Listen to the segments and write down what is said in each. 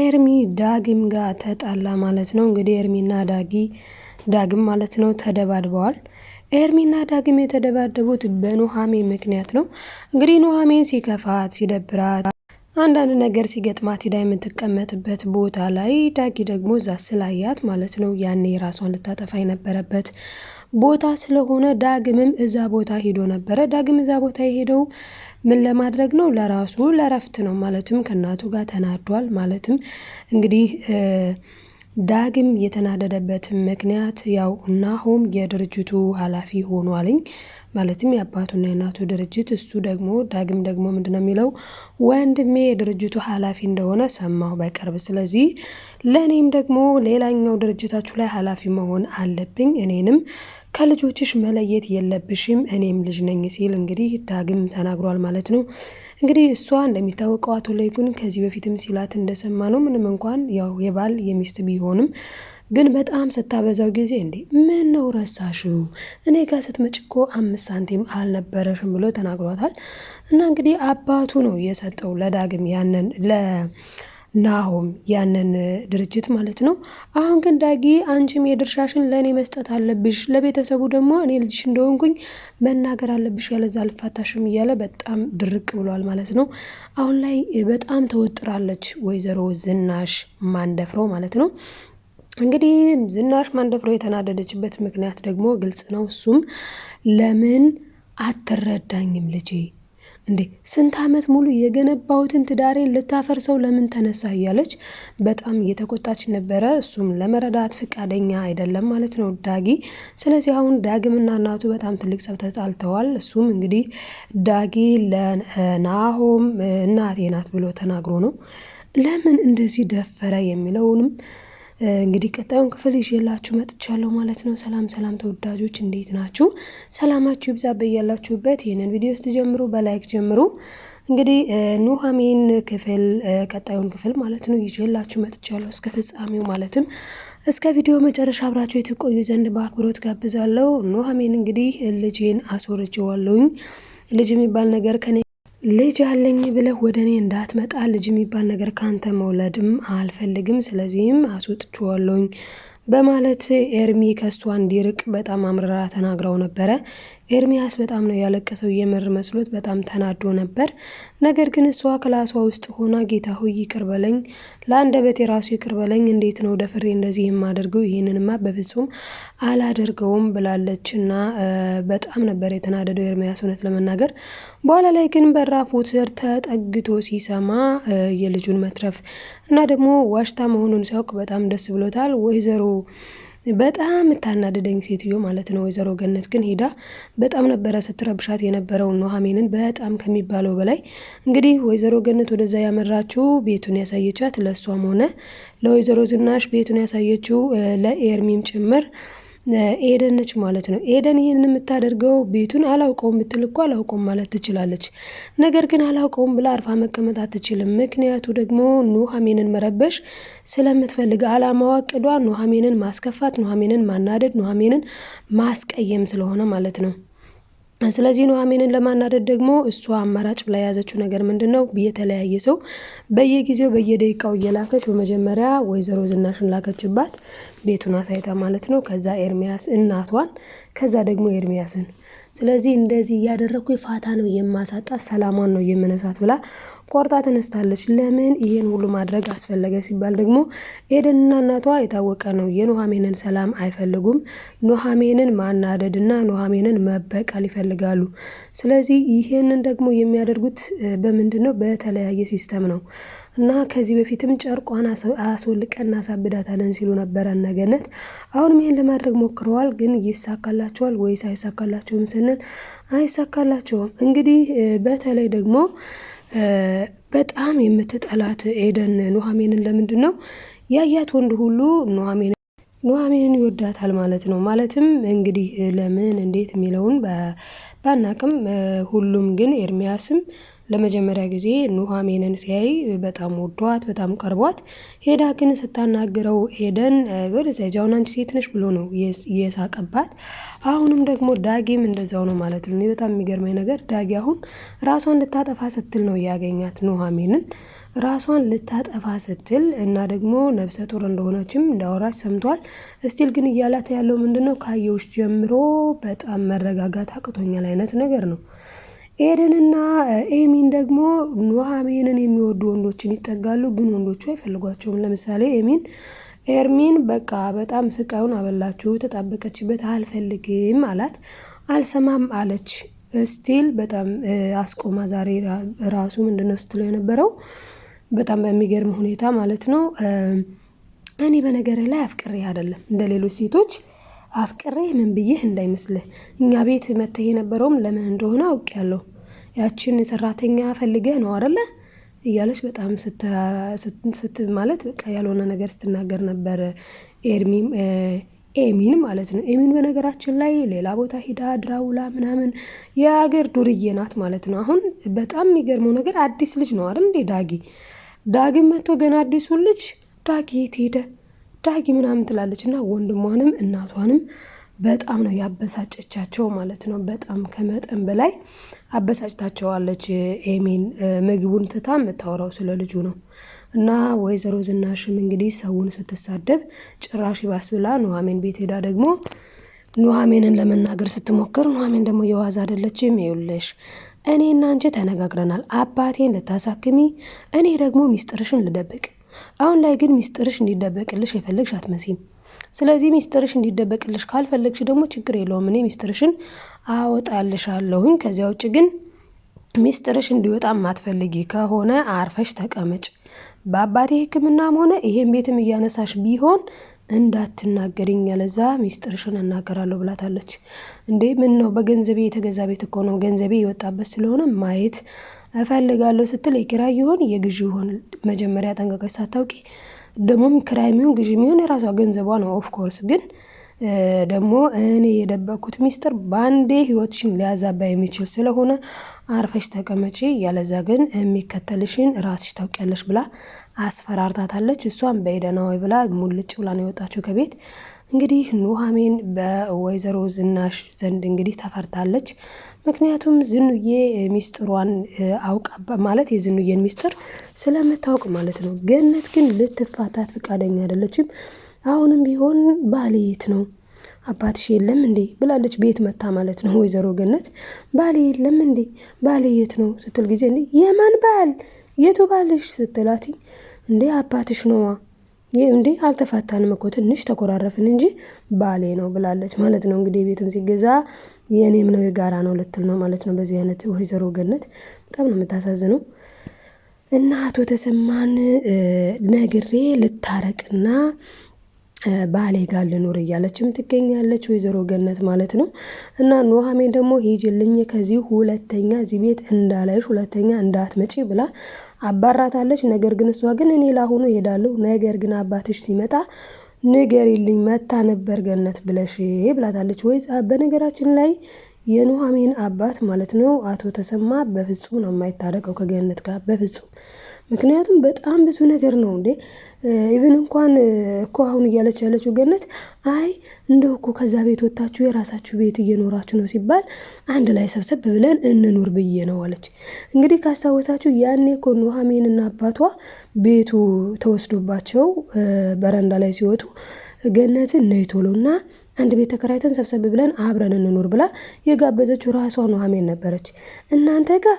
ኤርሚ ዳግም ጋር ተጣላ ማለት ነው። እንግዲህ ኤርሚና ዳጊ ዳግም ማለት ነው ተደባድበዋል። ኤርሚና ዳግም የተደባደቡት በኑሃሜ ምክንያት ነው። እንግዲህ ኑሃሜን ሲከፋት፣ ሲደብራት፣ አንዳንድ ነገር ሲገጥማት ሂዳ የምትቀመጥበት ቦታ ላይ ዳጊ ደግሞ እዛ ስላያት ማለት ነው ያኔ ራሷን ልታጠፋ የነበረበት ቦታ ስለሆነ ዳግምም እዛ ቦታ ሄዶ ነበረ። ዳግም እዛ ቦታ የሄደው ምን ለማድረግ ነው? ለራሱ ለረፍት ነው። ማለትም ከእናቱ ጋር ተናዷል። ማለትም እንግዲህ ዳግም የተናደደበት ምክንያት ያው ናሆም የድርጅቱ ኃላፊ ሆኗልኝ ማለትም የአባቱና የእናቱ ድርጅት እሱ ደግሞ ዳግም ደግሞ ምንድን ነው የሚለው ወንድሜ የድርጅቱ ኃላፊ እንደሆነ ሰማሁ በቅርብ። ስለዚህ ለእኔም ደግሞ ሌላኛው ድርጅታችሁ ላይ ኃላፊ መሆን አለብኝ እኔንም ከልጆችሽ መለየት የለብሽም እኔም ልጅ ነኝ ሲል እንግዲህ ዳግም ተናግሯል ማለት ነው። እንግዲህ እሷ እንደሚታወቀው አቶ ለይኩን ከዚህ በፊትም ሲላት እንደሰማ ነው ምንም እንኳን ያው የባል የሚስት ቢሆንም ግን በጣም ስታበዛው ጊዜ እንዴ ምን ነው ረሳሽው? እኔ ጋር ስትመጪ እኮ አምስት ሳንቲም አልነበረሽም ብሎ ተናግሯታል። እና እንግዲህ አባቱ ነው የሰጠው ለዳግም ያንን ናሆም ያንን ድርጅት ማለት ነው። አሁን ግን ዳጊ አንቺም የድርሻሽን ለእኔ መስጠት አለብሽ፣ ለቤተሰቡ ደግሞ እኔ ልጅሽ እንደሆንኩኝ መናገር አለብሽ፣ ያለዛ አልፋታሽም እያለ በጣም ድርቅ ብሏል ማለት ነው። አሁን ላይ በጣም ተወጥራለች ወይዘሮ ዝናሽ ማንደፍረው ማለት ነው። እንግዲህ ዝናሽ ማንደፍረው የተናደደችበት ምክንያት ደግሞ ግልጽ ነው። እሱም ለምን አትረዳኝም ልጄ እንዴ ስንት ዓመት ሙሉ የገነባሁትን ትዳሬን ልታፈርሰው ለምን ተነሳ እያለች በጣም እየተቆጣች ነበረ። እሱም ለመረዳት ፈቃደኛ አይደለም ማለት ነው ዳጊ። ስለዚህ አሁን ዳግምና እናቱ በጣም ትልቅ ጸብ ተጣልተዋል። እሱም እንግዲህ ዳጊ ለናሆም እናቴ ናት ብሎ ተናግሮ ነው ለምን እንደዚህ ደፈረ የሚለውንም እንግዲህ ቀጣዩን ክፍል ይዤላችሁ መጥቻለሁ ማለት ነው። ሰላም ሰላም ተወዳጆች እንዴት ናችሁ? ሰላማችሁ ይብዛ በያላችሁበት። ይህንን ቪዲዮ ስትጀምሩ በላይክ ጀምሩ። እንግዲህ ኑሐሚን ክፍል ቀጣዩን ክፍል ማለት ነው ይዤላችሁ መጥቻለሁ። እስከ ፍጻሜው ማለትም እስከ ቪዲዮ መጨረሻ አብራችሁ የትቆዩ ዘንድ በአክብሮት ጋብዛለሁ። ኑሐሚን እንግዲህ ልጄን አስወርጄዋለሁኝ ልጅ የሚባል ነገር ከኔ ልጅ አለኝ ብለህ ወደ እኔ እንዳትመጣ ልጅ የሚባል ነገር ካንተ መውለድም አልፈልግም። ስለዚህም አስወጥቼዋለሁኝ በማለት ኤርሚ ከእሷ እንዲርቅ በጣም አምርራ ተናግራው ነበረ። ኤርሚያስ በጣም ነው ያለቀሰው፣ የምር መስሎት በጣም ተናዶ ነበር። ነገር ግን እሷ ክላሷ ውስጥ ሆና ጌታ ሆይ ይቅር በለኝ፣ ለአንደበቴ የራሱ ይቅር በለኝ፣ እንዴት ነው ደፍሬ እንደዚህ የማደርገው? ይህንንማ በፍጹም አላደርገውም ብላለች እና በጣም ነበር የተናደደው ኤርሚያስ እውነት ለመናገር። በኋላ ላይ ግን በራፉ ስር ተጠግቶ ሲሰማ የልጁን መትረፍ እና ደግሞ ዋሽታ መሆኑን ሲያውቅ በጣም ደስ ብሎታል። ወይዘሮ በጣም የምታናድደኝ ሴትዮ ማለት ነው። ወይዘሮ ገነት ግን ሄዳ በጣም ነበረ ስትረብሻት የነበረውን ኑሐሚንን በጣም ከሚባለው በላይ እንግዲህ ወይዘሮ ገነት ወደዛ ያመራችው ቤቱን ያሳየቻት ለእሷም ሆነ ለወይዘሮ ዝናሽ ቤቱን ያሳየችው ለኤርሚም ጭምር ኤደን ነች ማለት ነው። ኤደን ይህንን የምታደርገው ቤቱን አላውቀውም ብትል እኮ አላውቀውም ማለት ትችላለች። ነገር ግን አላውቀውም ብላ አርፋ መቀመጥ አትችልም። ምክንያቱ ደግሞ ኑሐሚንን መረበሽ ስለምትፈልግ አላማዋ፣ ቅዷ ኑሐሚንን ማስከፋት፣ ኑሐሚንን ማናደድ፣ ኑሐሚንን ማስቀየም ስለሆነ ማለት ነው። ስለዚህ ኑሐሚንን ለማናደድ ደግሞ እሷ አማራጭ ብላ የያዘችው ነገር ምንድን ነው? የተለያየ ሰው በየጊዜው በየደቂቃው እየላከች በመጀመሪያ ወይዘሮ ዝናሽን ላከችባት፣ ቤቱን አሳይታ ማለት ነው። ከዛ ኤርሚያስ እናቷን፣ ከዛ ደግሞ ኤርሚያስን። ስለዚህ እንደዚህ እያደረግኩ ፋታ ነው የማሳጣት፣ ሰላሟን ነው የምነሳት ብላ ቆርጣ ተነስታለች። ለምን ይህን ሁሉ ማድረግ አስፈለገ ሲባል ደግሞ ኤደንና እናቷ የታወቀ ነው የኑሐሜንን ሰላም አይፈልጉም። ማናደድ ማናደድና ኑሐሜንን መበቀል ይፈልጋሉ። ስለዚህ ይህንን ደግሞ የሚያደርጉት በምንድን ነው? በተለያየ ሲስተም ነው እና ከዚህ በፊትም ጨርቋን አስወልቀን እናሳብዳታለን ሲሉ ነበረ ነገነት። አሁንም ይህን ለማድረግ ሞክረዋል። ግን ይሳካላቸዋል ወይስ አይሳካላቸውም ስንል አይሳካላቸውም። እንግዲህ በተለይ ደግሞ በጣም የምትጠላት ኤደን ኑሐሚንን ለምንድን ነው ያያት ወንድ ሁሉ ኑሐሚን ኑሐሚንን ይወዳታል ማለት ነው። ማለትም እንግዲህ ለምን እንዴት የሚለውን ባናቅም ሁሉም ግን ኤርሚያስም ለመጀመሪያ ጊዜ ኑሐሚንን ሲያይ በጣም ወዷት፣ በጣም ቀርቧት ሄዳ ግን ስታናግረው ኤደን ወደዚያጃውን አንቺ ሴት ነሽ ብሎ ነው የሳቀባት። አሁንም ደግሞ ዳጊም እንደዛው ነው ማለት ነው። በጣም የሚገርመኝ ነገር ዳጊ አሁን ራሷን ልታጠፋ ስትል ነው ያገኛት ኑሐሚንን ራሷን ልታጠፋ ስትል እና ደግሞ ነፍሰ ጡር እንደሆነችም እንዳወራች ሰምቷል። እስቲል ግን እያላት ያለው ምንድን ነው ጀምሮ በጣም መረጋጋት አቅቶኛል አይነት ነገር ነው። ኤደንና ኤሚን ደግሞ ኑሐሚንን የሚወዱ ወንዶችን ይጠጋሉ፣ ግን ወንዶቹ አይፈልጓቸውም። ለምሳሌ ኤሚን ኤርሚን በቃ በጣም ስቃዩን አበላችሁ ተጣበቀችበት፣ አልፈልግም አላት። አልሰማም አለች። ስቲል በጣም አስቆማ። ዛሬ ራሱ ምንድነው ስትለው የነበረው በጣም በሚገርም ሁኔታ ማለት ነው። እኔ በነገር ላይ አፍቅሬ አይደለም እንደ ሌሎች ሴቶች አፍቅሬ ምን ብዬህ እንዳይመስልህ። እኛ ቤት መተህ የነበረውም ለምን እንደሆነ አውቅ ያለው? ያችን ሰራተኛ ፈልገህ ነው አደለ እያለች በጣም ስት ማለት በቃ ያልሆነ ነገር ስትናገር ነበር። ኤርሚ ኤሚን ማለት ነው። ኤሚን በነገራችን ላይ ሌላ ቦታ ሂዳ ድራውላ ምናምን የሀገር ዱርዬ ናት ማለት ነው። አሁን በጣም የሚገርመው ነገር አዲስ ልጅ ነው አይደል እንዴ ዳጊ ዳግም መጥቶ ገና አዲሱን ልጅ ዳጊ የት ሄደ ዳጊ ምናምን ትላለች እና ወንድሟንም እናቷንም በጣም ነው ያበሳጨቻቸው ማለት ነው። በጣም ከመጠን በላይ አበሳጭታቸዋለች። ኤሚን ምግቡን ትታ የምታወራው ስለ ልጁ ነው እና ወይዘሮ ዝናሽም እንግዲህ ሰውን ስትሳደብ ጭራሽ ባስ ብላ ኑሐሚን ቤት ሄዳ ደግሞ ኑሐሚንን ለመናገር ስትሞክር ኑሐሚን ደግሞ የዋዛ አይደለችም። ይኸውልሽ እና አንቺ ተነጋግረናል። አባቴን ልታሳክሚ፣ እኔ ደግሞ ሚስጥርሽን ልደብቅ አሁን ላይ ግን ሚስጥርሽ እንዲደበቅልሽ የፈለግሽ አትመሲም። ስለዚህ ሚስጥርሽ እንዲደበቅልሽ ካልፈለግሽ ደግሞ ችግር የለውም፣ እኔ ሚስጥርሽን አወጣልሻለሁኝ። ከዚያ ውጭ ግን ሚስጥርሽ እንዲወጣ ማትፈልጊ ከሆነ አርፈሽ ተቀመጭ። በአባቴ ሕክምናም ሆነ ይሄን ቤትም እያነሳሽ ቢሆን እንዳትናገሪኝ ያለዛ ሚስጥርሽን እናገራለሁ ብላታለች። እንዴ ምን ነው? በገንዘቤ የተገዛ ቤት እኮ ነው። ገንዘቤ የወጣበት ስለሆነ ማየት እፈልጋለሁ ስትል የኪራይ ይሆን የግዢ ይሆን መጀመሪያ ጠንቀቀች ሳታውቂ ደግሞም ክራይ የሚሆን ግዢ የሚሆን የራሷ ገንዘቧ ነው። ኦፍኮርስ ግን ደግሞ እኔ የደበኩት ሚስጥር በአንዴ ህይወትሽን ሊያዛባ የሚችል ስለሆነ አርፈሽ ተቀመጪ፣ ያለዛ ግን የሚከተልሽን ራስሽ ታውቂያለሽ ብላ አስፈራርታታለች። እሷም በሄደና ወይ ብላ ሙልጭ ብላ ነው የወጣችው ከቤት። እንግዲህ ኑሐሚን በወይዘሮ ዝናሽ ዘንድ እንግዲህ ተፈርታለች። ምክንያቱም ዝኑዬ ሚስጥሯን አውቃ ማለት የዝኑዬን ሚስጥር ስለምታውቅ ማለት ነው። ገነት ግን ልትፋታት ፈቃደኛ አይደለችም። አሁንም ቢሆን ባሌ የት ነው አባትሽ የለም እንዴ ብላለች። ቤት መታ ማለት ነው ወይዘሮ ገነት ባሌ የለም እንዴ ባሌ የት ነው ስትል ጊዜ እንዴ የማን ባል የቱ ባልሽ ስትላት እንዴ አባትሽ ነዋ ይህ እንዴ አልተፋታንም እኮ ትንሽ ተኮራረፍን እንጂ ባሌ ነው ብላለች ማለት ነው። እንግዲህ ቤትም ሲገዛ የእኔም ነው የጋራ ነው ልትል ነው ማለት ነው። በዚህ አይነት ወይዘሮ ገነት በጣም ነው የምታሳዝነው። እና አቶ ተሰማን ነግሬ ልታረቅና ባሌ ጋር ልኖር እያለችም ትገኛለች ወይዘሮ ገነት ማለት ነው። እና ኑሃሜን ደግሞ ሂጅልኝ ከዚህ ሁለተኛ እዚህ ቤት እንዳላይሽ ሁለተኛ እንዳትመጪ ብላ አባራታለች። ነገር ግን እሷ ግን እኔ ላሁኑ እሄዳለሁ፣ ነገር ግን አባትሽ ሲመጣ ንገሪልኝ፣ መታ ነበር ገነት ብለሽ ብላታለች። ወይ በነገራችን ላይ የኑሐሚን አባት ማለት ነው አቶ ተሰማ በፍጹም ነው የማይታረቀው ከገነት ጋር በፍጹም ምክንያቱም በጣም ብዙ ነገር ነው እንዴ ኢቭን እንኳን እኮ አሁን እያለች ያለችው ገነት አይ እንደው እኮ ከዛ ቤት ወጥታችሁ የራሳችሁ ቤት እየኖራችሁ ነው ሲባል አንድ ላይ ሰብሰብ ብለን እንኑር ብዬ ነው አለች። እንግዲህ ካስታወሳችሁ ያኔ እኮ ኑሐሚንና አባቷ ቤቱ ተወስዶባቸው በረንዳ ላይ ሲወጡ ገነትን ነይ ቶሎና አንድ ቤት ተከራይተን ሰብሰብ ብለን አብረን እንኑር ብላ የጋበዘችው ራሷ ኑሐሚን ነበረች። እናንተ ጋር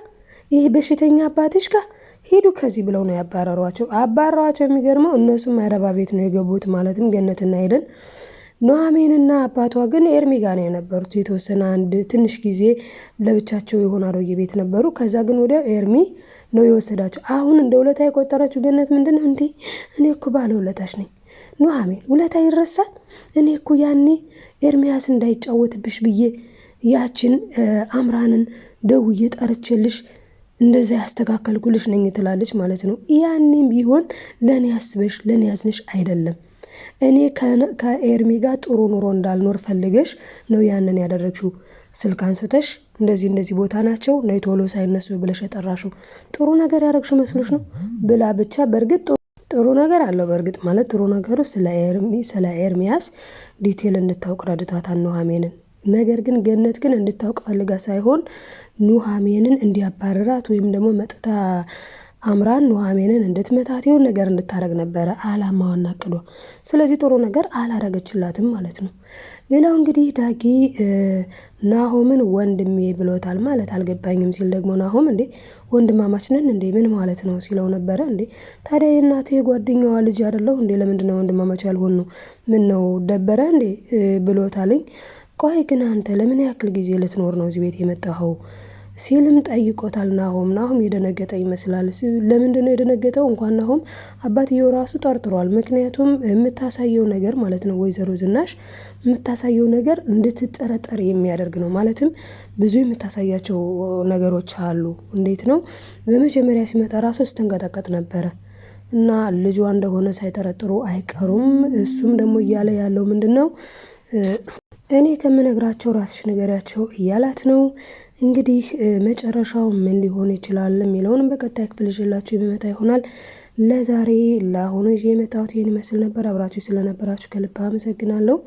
ይህ በሽተኛ አባትሽ ጋር ሂዱ ከዚህ ብለው ነው ያባረሯቸው። አባረሯቸው። የሚገርመው እነሱም አረባ ቤት ነው የገቡት፣ ማለትም ገነትና ሄደን ኑሐሚንና አባቷ ግን ኤርሚ ጋር ነው የነበሩት። የተወሰነ አንድ ትንሽ ጊዜ ለብቻቸው የሆነ አሮጌ ቤት ነበሩ። ከዛ ግን ወዲያው ኤርሚ ነው የወሰዳቸው። አሁን እንደ ውለታ የቆጠረችው ገነት ምንድን ነው እንዴ? እኔ እኮ ባለ ውለታሽ ነኝ ኑሐሚን፣ ውለታ ይረሳል? እኔ እኮ ያኔ ኤርሚያስ እንዳይጫወትብሽ ብዬ ያችን አምራንን ደውዬ ጠርቼልሽ እንደዛ ያስተካከልኩልሽ ነኝ ትላለች ማለት ነው። ያኔም ቢሆን ለእኔ ያስበሽ ለእኔ ያዝንሽ አይደለም እኔ ከኤርሚ ጋር ጥሩ ኑሮ እንዳልኖር ፈልገሽ ነው ያንን ያደረግሽው። ስልክ አንስተሽ እንደዚህ እንደዚህ ቦታ ናቸው ነይ ቶሎ ሳይነሱ ብለሽ የጠራሽው ጥሩ ነገር ያደረግሽው መስሎሽ ነው ብላ ብቻ በእርግጥ ጥሩ ነገር አለው። በእርግጥ ማለት ጥሩ ነገሩ ስለ ኤርሚያስ ዲቴል እንድታውቅ ረድቷታል ኑሐሚንን። ነገር ግን ገነት ግን እንድታውቅ ፈልጋ ሳይሆን ኑሃሜንን እንዲያባርራት ወይም ደግሞ መጥታ አምራን ኑሃሜንን እንድትመታት የሆነ ነገር እንድታደረግ ነበረ አላማዋን ቅዷ። ስለዚህ ጥሩ ነገር አላረገችላትም ማለት ነው። ሌላው እንግዲህ ዳጊ ናሆምን ወንድሜ ብሎታል። ማለት አልገባኝም ሲል ደግሞ ናሆም እንዴ ወንድማማች ነን እንዴ ምን ማለት ነው ሲለው ነበረ። እንዴ ታዲያ የእናቴ የጓደኛዋ ልጅ አደለው እንዴ ለምንድነው ወንድማማች ያልሆን ነው? ምን ነው ደበረ እንዴ ብሎታልኝ። ቆይ ግን አንተ ለምን ያክል ጊዜ ልትኖር ነው እዚህ ቤት የመጣኸው? ሲልም ጠይቆታል ናሆም። ናሆም የደነገጠ ይመስላል። ለምንድን ነው የደነገጠው? እንኳን ናሆም አባትየው ራሱ ጠርጥሯል። ምክንያቱም የምታሳየው ነገር ማለት ነው ወይዘሮ ዝናሽ የምታሳየው ነገር እንድትጠረጠር የሚያደርግ ነው። ማለትም ብዙ የምታሳያቸው ነገሮች አሉ። እንዴት ነው በመጀመሪያ ሲመጣ ራሱ ስትንቀጠቀጥ ነበረ እና ልጇ እንደሆነ ሳይጠረጥሩ አይቀሩም። እሱም ደግሞ እያለ ያለው ምንድን ነው እኔ ከምነግራቸው ራስሽ ንገሪያቸው እያላት ነው። እንግዲህ መጨረሻው ምን ሊሆን ይችላል የሚለውንም በቀጣይ ክፍል ይዤላችሁ የሚመጣ ይሆናል። ለዛሬ ለአሁኑ ይዤ የመጣሁት ይህን ይመስል ነበር። አብራችሁ ስለነበራችሁ ከልብ አመሰግናለሁ።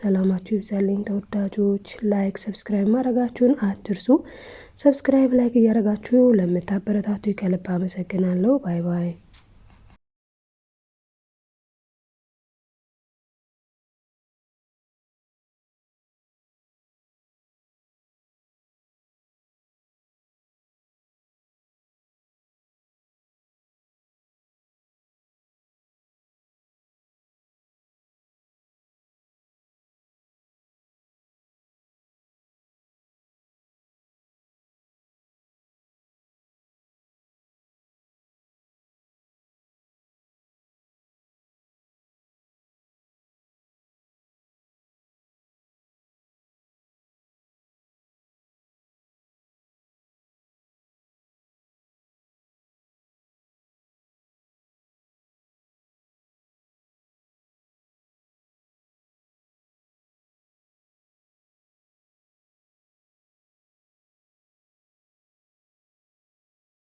ሰላማችሁ ይብዛልኝ ተወዳጆች። ላይክ፣ ሰብስክራይብ ማድረጋችሁን አትርሱ። ሰብስክራይብ፣ ላይክ እያደረጋችሁ ለምታበረታቱ ከልብ አመሰግናለሁ። ባይ ባይ።